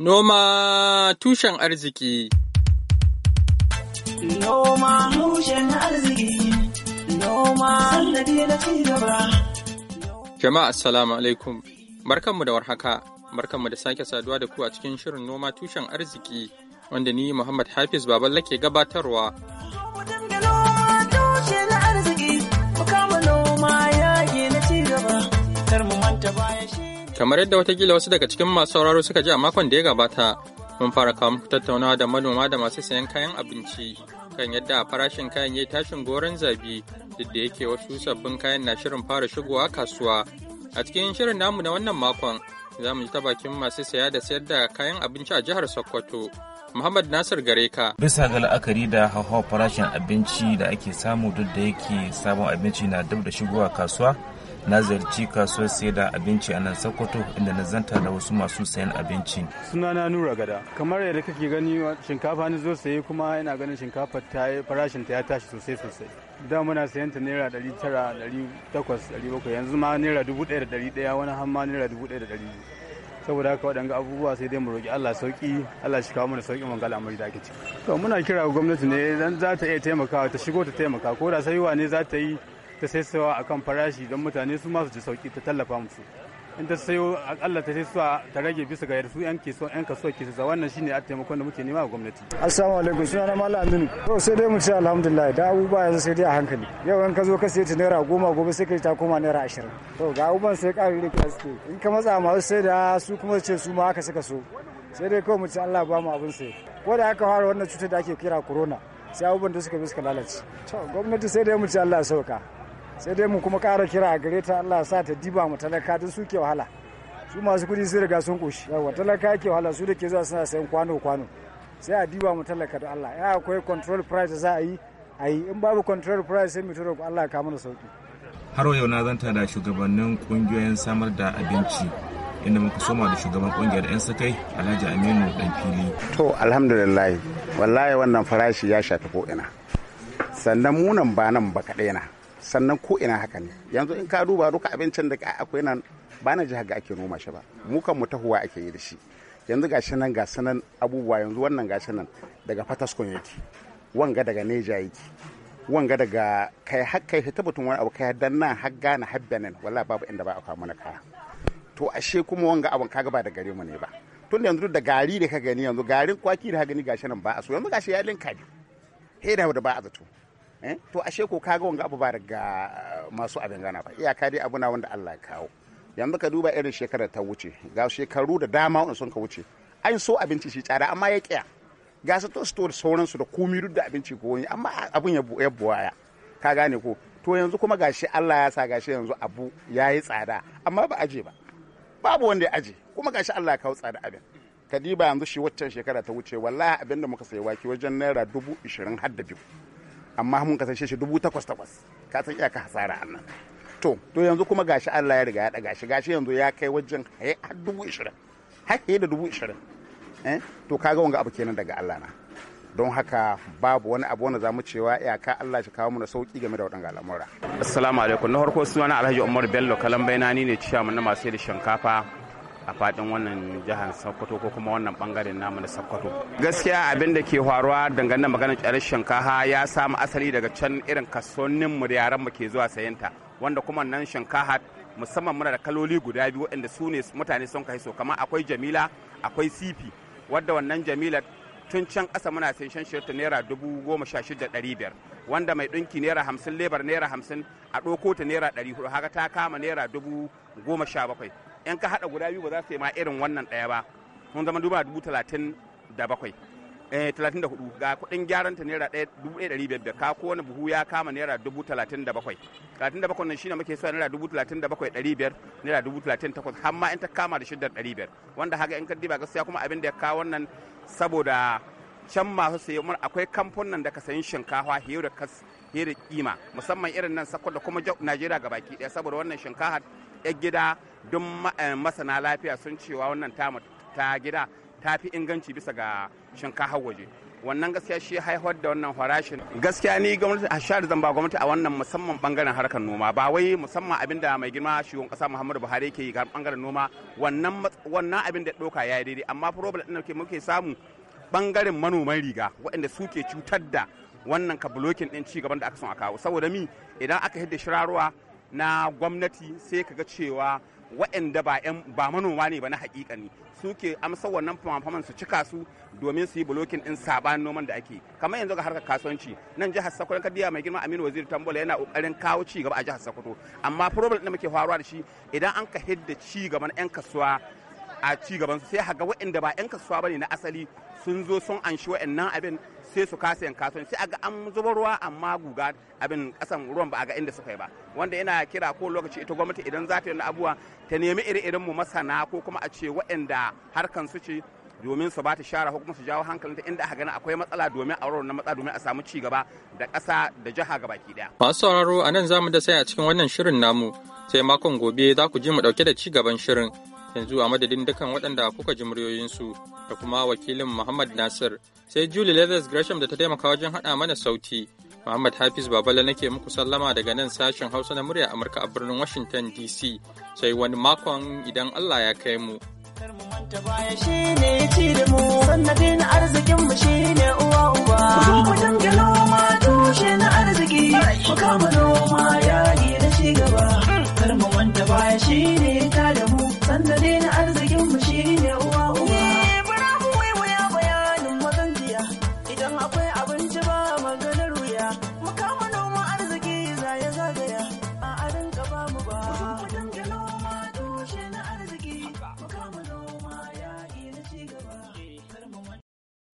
Noma tushen arziki Noma tushen arziki Noma na cigaba Jama'a assalamu alaikum barkanmu da warhaka barkanmu da sake saduwa da ku a cikin shirin noma tushen arziki wanda ni Muhammad Hafiz Baballa ke gabatarwa Kar mu manta baya shi Kamar yadda watakila wasu daga cikin masu sauraro suka ji a makon da ya gabata, mun fara kawo muku tattaunawa da manoma da masu sayan kayan abinci kan yadda farashin kayan ya tashin goron zabi duk da yake wasu sabbin kayan na shirin fara shigowa kasuwa. A cikin shirin namu na wannan makon, za mu ji ta bakin masu saya da sayar da kayan abinci a jihar Sokoto. Muhammad Nasir Gareka. Bisa ga la'akari da hauhawar farashin abinci da ake samu duk da yake sabon abinci na dab da shigowa kasuwa, na ziyarci kasuwar sai da abinci a nan sokoto inda na zanta da wasu masu sayan abinci sunana nura gada kamar yadda kake gani shinkafa ni zo saye kuma yana ganin shinkafa ta farashin ta ya tashi sosai sosai da muna sayan ta naira ɗari tara ɗari takwas ɗari bakwai yanzu ma naira dubu ɗaya da ɗari ɗaya wani har ma naira dubu ɗaya da ɗari saboda haka waɗanga abubuwa sai dai mu roƙi Allah sauki Allah shi kawo mana sauƙin wanga al'amari da ake ciki to muna kira gwamnati ne dan za ta iya taimakawa ta shigo ta taimaka ko da sai ne za ta yi ta sai a kan farashi don mutane su masu ji sauki ta tallafa musu in ta sayo akalla ta sai suwa ta rage bisa ga yarsu yan kaso yan kaso ke sa wannan shine a taimakon da muke nema a gwamnati assalamu alaikum suna na malam aminu to sai dai mu ce alhamdulillah da abu ba yanzu sai dai a hankali yau in ka zo ka sai ta naira goma gobe sai ka ta koma naira ashirin to ga abubuwan sai ka rike ka suke in ka matsa masu sai da su kuma ce su ma haka suka so sai dai kawai mu ci Allah ba mu abin sai ko da aka fara wannan cutar da ake kira corona sai abubuwan da suka bi suka lalace to gwamnati sai dai mu ci Allah sauka sai dai mu kuma ƙara kira a gare ta Allah sa ta diba mu talaka su ke wahala su masu kuɗi sai riga sun ƙoshi yawa talaka ke wahala su da ke zuwa suna sayan kwano kwano sai a diba mu talaka da Allah ya akwai control price za a yi a yi in babu control price sai mu tura ku Allah ya kawo mana sauki har yau na zanta da shugabannin kungiyoyin samar da abinci inda muka soma da shugaban kungiyar 'yan sakai alhaji aminu dan fili to alhamdulillah wallahi wannan farashi ya shafi ko ina sannan munan ba nan ba kaɗai na sannan ko ina haka ne yanzu in ka duba duka abincin da akwai nan ba na jihar ga ake noma shi ba mu kan mu tahuwa ake yi da shi yanzu ga shi nan ga sanan abubuwa yanzu wannan ga shi nan daga fataskon yake wanga daga neja yake wanga daga kai har kai ta butun wani abu kai dan nan har gana har benin wallahi babu inda ba a kawo mana kaya to ashe kuma wanga abun kaga ba da gare mu ne ba tun yanzu da gari da ka gani yanzu garin kwaki da ka gani ga shi nan ba a so yanzu ga shi ya linka ne he da ba a zato Eh? to ashe ko kaga wanga abu ba daga masu abin gana ba iyaka dai abu na wanda Allah ya kawo yanzu ka duba irin shekara ta wuce ga shekaru da dama wanda sun ka wuce an so abinci shi tsada amma ya kiya ga su to store su da komi duk da abinci ko wani amma abun ya buwaya ka gane ko to yanzu kuma gashi Allah ya sa gashi yanzu abu yayi tsada amma ba aje ba babu wanda ya aje kuma gashi Allah ya kawo tsada abin kadiba yanzu shi waccan shekara ta wuce wallahi abinda muka sayi wake wajen naira dubu ishirin har da biyu amma mun kasance shi dubu takwas takwas ka san iyaka hasara nan to to yanzu kuma gashi Allah ya riga ya daga shi gashi yanzu ya kai wajen har dubu ishirin har da dubu ishirin eh, to kaga wanga abu kenan daga Allah na don haka babu wani abu wanda zamu cewa iyaka Allah shi kawo mu na sauki game da waɗanga al'amura assalamu alaikum na farko suna Alhaji Umar Bello na ni ne ciyaman na masu da shinkafa a faɗin wannan jihar sokoto ko kuma wannan bangaren namu na sokoto gaskiya abin da ke faruwa dangane da maganar tsarin shinkafa ya samu asali daga can irin kasonin mu da yaran mu ke zuwa sayenta wanda kuma nan shinkafa musamman muna da kaloli guda biyu waɗanda su ne mutane sun kai so kamar akwai jamila akwai sifi wadda wannan jamila tun can ƙasa muna sayan shan shirta naira dubu goma sha shida ɗari biyar wanda mai ɗinki naira hamsin lebar naira hamsin a ɗauko ta naira ɗari hudu haka ta kama naira dubu goma sha bakwai in ka hada guda biyu ba za su yi ma irin wannan daya ba mun zama duba dubu talatin da bakwai eh, talatin da hudu ga kuɗin gyaran ta naira daya dubu daya dari biyar ka ko wani buhu ya kama naira dubu talatin da bakwai talatin da bakwai nan shine muke so naira dubu talatin da bakwai dari biyar naira dubu talatin takwas har ma in ta kama da shidda dari biyar wanda haka in ka diba gaskiya kuma abin da ya kawo wannan saboda can masu sayo mana akwai kamfanin da ka sayi shinkafa hiyar da kas da kima musamman irin nan sakwa da kuma najeriya ga baki saboda wannan shinkafa 'yan gida duk eh, masana lafiya sun cewa wannan tamu ta gida ta fi inganci bisa ga shinkafa waje wannan gaskiya shi haihuwar da wannan farashin gaskiya ni gwamnati a shahar zamba gwamnati a wannan musamman bangaren harkar noma ba wai musamman abin da mai girma shugaban kasa muhammadu buhari yake yi bangaren noma wannan wannan abin da doka ya yi daidai amma problem din da muke samu bangaren manoman riga waɗanda suke cutar da wannan bulokin din ci gaban da aka son a kawo saboda mi idan aka hidda shirarwa na gwamnati sai kaga cewa waɗanda ba ba manoma ne ba na hakikani suke amsa wannan fama su cika su domin su yi bulokin din sabanin noman da ake kamar yanzu ga harkar kasuwanci nan jihar Sokoto kadiya mai girma Aminu Waziri Tambola yana kokarin kawo ci gaba a jihar Sokoto amma problem da muke faruwa da shi idan an ka hidda ci gaba na yan kasuwa a ci gaban su sai haga waɗanda ba 'yan kasuwa bane na asali sun zo sun anshi waɗannan abin sai su kasa yan kasuwan sai aga an zuba ruwa amma guga abin kasan ruwan ba a ga inda suka yi ba wanda yana kira ko lokaci ita gwamnati idan za ta yi abuwa ta nemi iri-irin mu masana ko kuma a ce waɗanda harkan su ce domin su ba ta shara ko su jawo hankalin ta inda aka gani akwai matsala domin a na matsala domin a samu ci gaba da kasa da jiha ki daya. Masu sauraro a nan zamu da sai a cikin wannan shirin namu sai makon gobe za ku ji mu dauke da ci gaban shirin yanzu a madadin dukan waɗanda kuka ji muryoyinsu da kuma wakilin Muhammad Nasir sai Julie Leathers Gresham da ta taimaka wajen haɗa mana sauti. Muhammad Hafiz Babala nake muku sallama daga nan sashen Hausa na murya Amurka a birnin Washington DC sai wani makon idan Allah ya kai mu. uwa uba. Mu arziki, ya